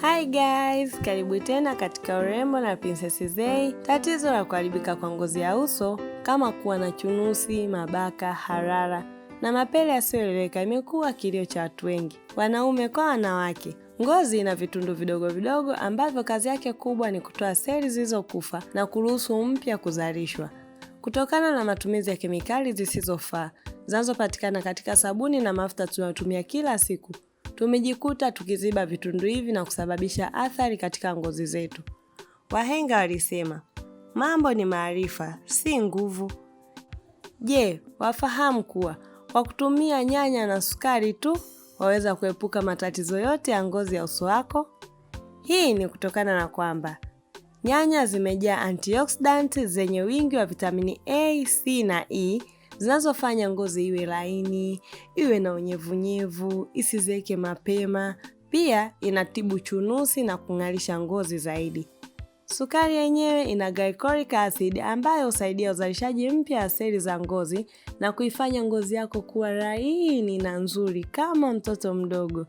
Hi guys, karibu tena katika Urembo na Princess Zey. Tatizo la kuharibika kwa ngozi ya uso kama kuwa na chunusi, mabaka, harara na mapele yasiyoeleweka imekuwa kilio cha watu wengi, wanaume kwa wanawake. Ngozi ina vitundu vidogo vidogo ambavyo kazi yake kubwa ni kutoa seli zilizokufa na kuruhusu mpya kuzalishwa. Kutokana na matumizi ya kemikali zisizofaa zinazopatikana katika sabuni na mafuta tunayotumia kila siku tumejikuta tukiziba vitundu hivi na kusababisha athari katika ngozi zetu. Wahenga walisema mambo ni maarifa, si nguvu. Je, wafahamu kuwa kwa kutumia nyanya na sukari tu waweza kuepuka matatizo yote ya ngozi ya uso wako? Hii ni kutokana na kwamba nyanya zimejaa antioxidant zenye wingi wa vitamini A, C na E zinazofanya ngozi iwe laini, iwe na unyevunyevu, isizeke mapema. Pia inatibu chunusi na kung'alisha ngozi zaidi. Sukari yenyewe ina glycolic acid ambayo husaidia uzalishaji mpya wa seli za ngozi na kuifanya ngozi yako kuwa laini na nzuri kama mtoto mdogo.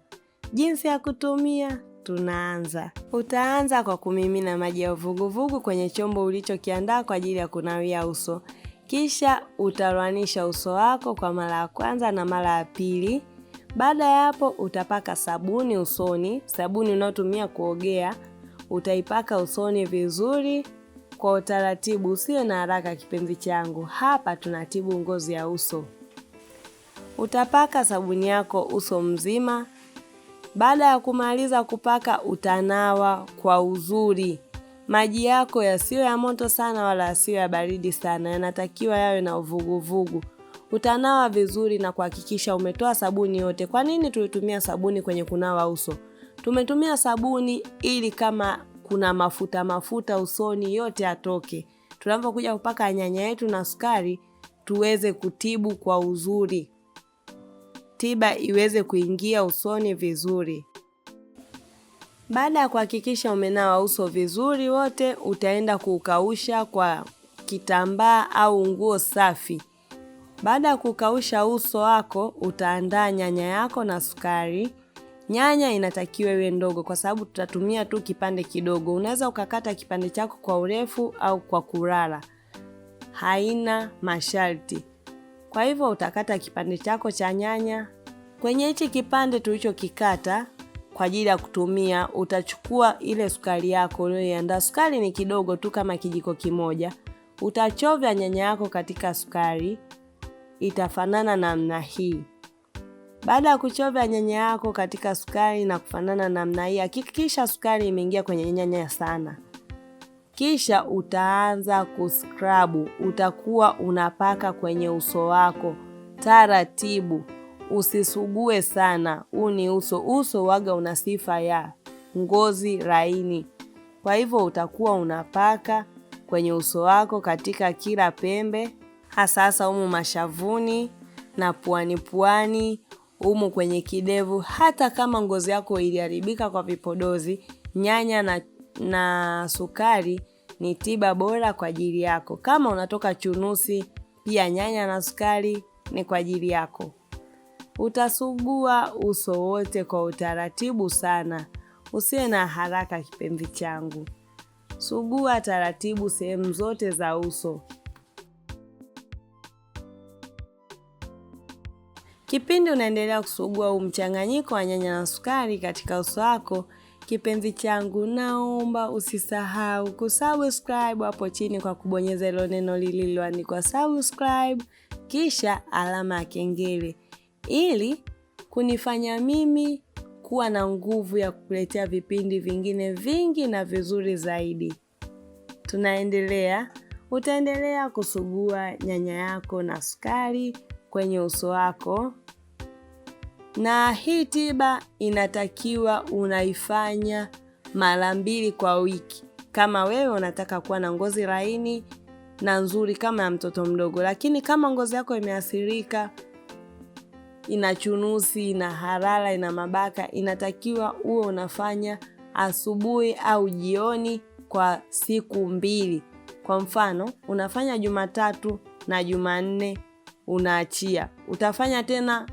Jinsi ya kutumia Tunaanza. Utaanza kwa kumimina maji ya uvuguvugu kwenye chombo ulichokiandaa kwa ajili ya kunawia uso kisha utarwanisha uso wako kwa mara ya kwanza na mara ya pili. Baada ya hapo, utapaka sabuni usoni. Sabuni unaotumia kuogea utaipaka usoni vizuri kwa utaratibu, usiwe na haraka, kipenzi changu. Hapa tunatibu ngozi ya uso. Utapaka sabuni yako uso mzima. Baada ya kumaliza kupaka, utanawa kwa uzuri maji yako yasiyo ya moto sana wala yasiyo ya baridi sana, yanatakiwa yawe na uvuguvugu. Utanawa vizuri na kuhakikisha umetoa sabuni yote. Kwa nini tulitumia sabuni kwenye kunawa uso? Tumetumia sabuni ili kama kuna mafuta mafuta usoni yote atoke. tunavyokuja kupaka nyanya yetu na sukari, tuweze kutibu kwa uzuri, tiba iweze kuingia usoni vizuri. Baada ya kuhakikisha umenawa uso vizuri wote, utaenda kuukausha kwa kitambaa au nguo safi. Baada ya kukausha uso wako, utaandaa nyanya yako na sukari. Nyanya inatakiwa iwe ndogo, kwa sababu tutatumia tu kipande kidogo. Unaweza ukakata kipande chako kwa urefu au kwa kurara, haina masharti. Kwa hivyo utakata kipande chako cha nyanya. Kwenye hichi kipande tulichokikata kwa ajili ya kutumia, utachukua ile sukari yako uliyoiandaa. Sukari ni kidogo tu kama kijiko kimoja. Utachovya nyanya yako katika sukari, itafanana namna hii. Baada ya kuchovya nyanya yako katika sukari na kufanana namna hii, hakikisha sukari imeingia kwenye nyanya sana. Kisha utaanza kuskrabu, utakuwa unapaka kwenye uso wako taratibu. Usisugue sana, huu ni uso. Uso waga una sifa ya ngozi laini, kwa hivyo utakuwa unapaka kwenye uso wako katika kila pembe, hasa hasa humu mashavuni na puani puani, humu kwenye kidevu. Hata kama ngozi yako iliharibika kwa vipodozi, nyanya na, na sukari ni tiba bora kwa ajili yako. Kama unatoka chunusi, pia nyanya na sukari ni kwa ajili yako. Utasugua uso wote kwa utaratibu sana, usiwe na haraka kipenzi changu. Sugua taratibu sehemu zote za uso. Kipindi unaendelea kusugua huu mchanganyiko wa nyanya na sukari katika uso wako, kipenzi changu, naomba usisahau kusubscribe hapo chini kwa kubonyeza ilo neno lililoandikwa subscribe, kisha alama ya kengele ili kunifanya mimi kuwa na nguvu ya kukuletea vipindi vingine vingi na vizuri zaidi. Tunaendelea. Utaendelea kusugua nyanya yako na sukari kwenye uso wako, na hii tiba inatakiwa unaifanya mara mbili kwa wiki, kama wewe unataka kuwa na ngozi laini na nzuri kama ya mtoto mdogo. Lakini kama ngozi yako imeathirika ina chunusi, ina harara, ina mabaka, inatakiwa uwe unafanya asubuhi au jioni kwa siku mbili. Kwa mfano, unafanya Jumatatu na Jumanne unaachia, utafanya tena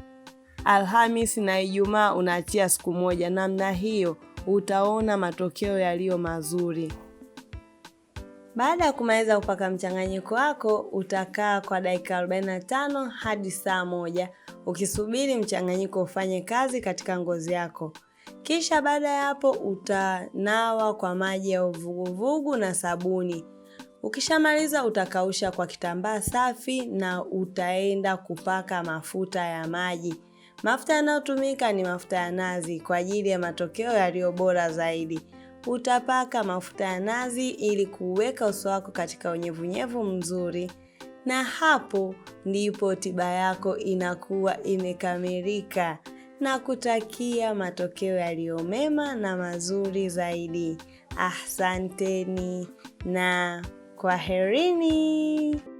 Alhamisi na Ijumaa unaachia siku moja. Namna hiyo utaona matokeo yaliyo mazuri. Baada ya kumaliza kupaka mchanganyiko wako, utakaa kwa dakika 45 hadi saa moja ukisubiri mchanganyiko ufanye kazi katika ngozi yako. Kisha baada ya hapo utanawa kwa maji ya uvuguvugu na sabuni. Ukishamaliza utakausha kwa kitambaa safi na utaenda kupaka mafuta ya maji. Mafuta yanayotumika ni mafuta ya nazi kwa ajili ya matokeo yaliyo bora zaidi. Utapaka mafuta ya nazi ili kuweka uso wako katika unyevunyevu mzuri, na hapo ndipo tiba yako inakuwa imekamilika na kutakia matokeo yaliyo mema na mazuri zaidi. asanteni na kwaherini.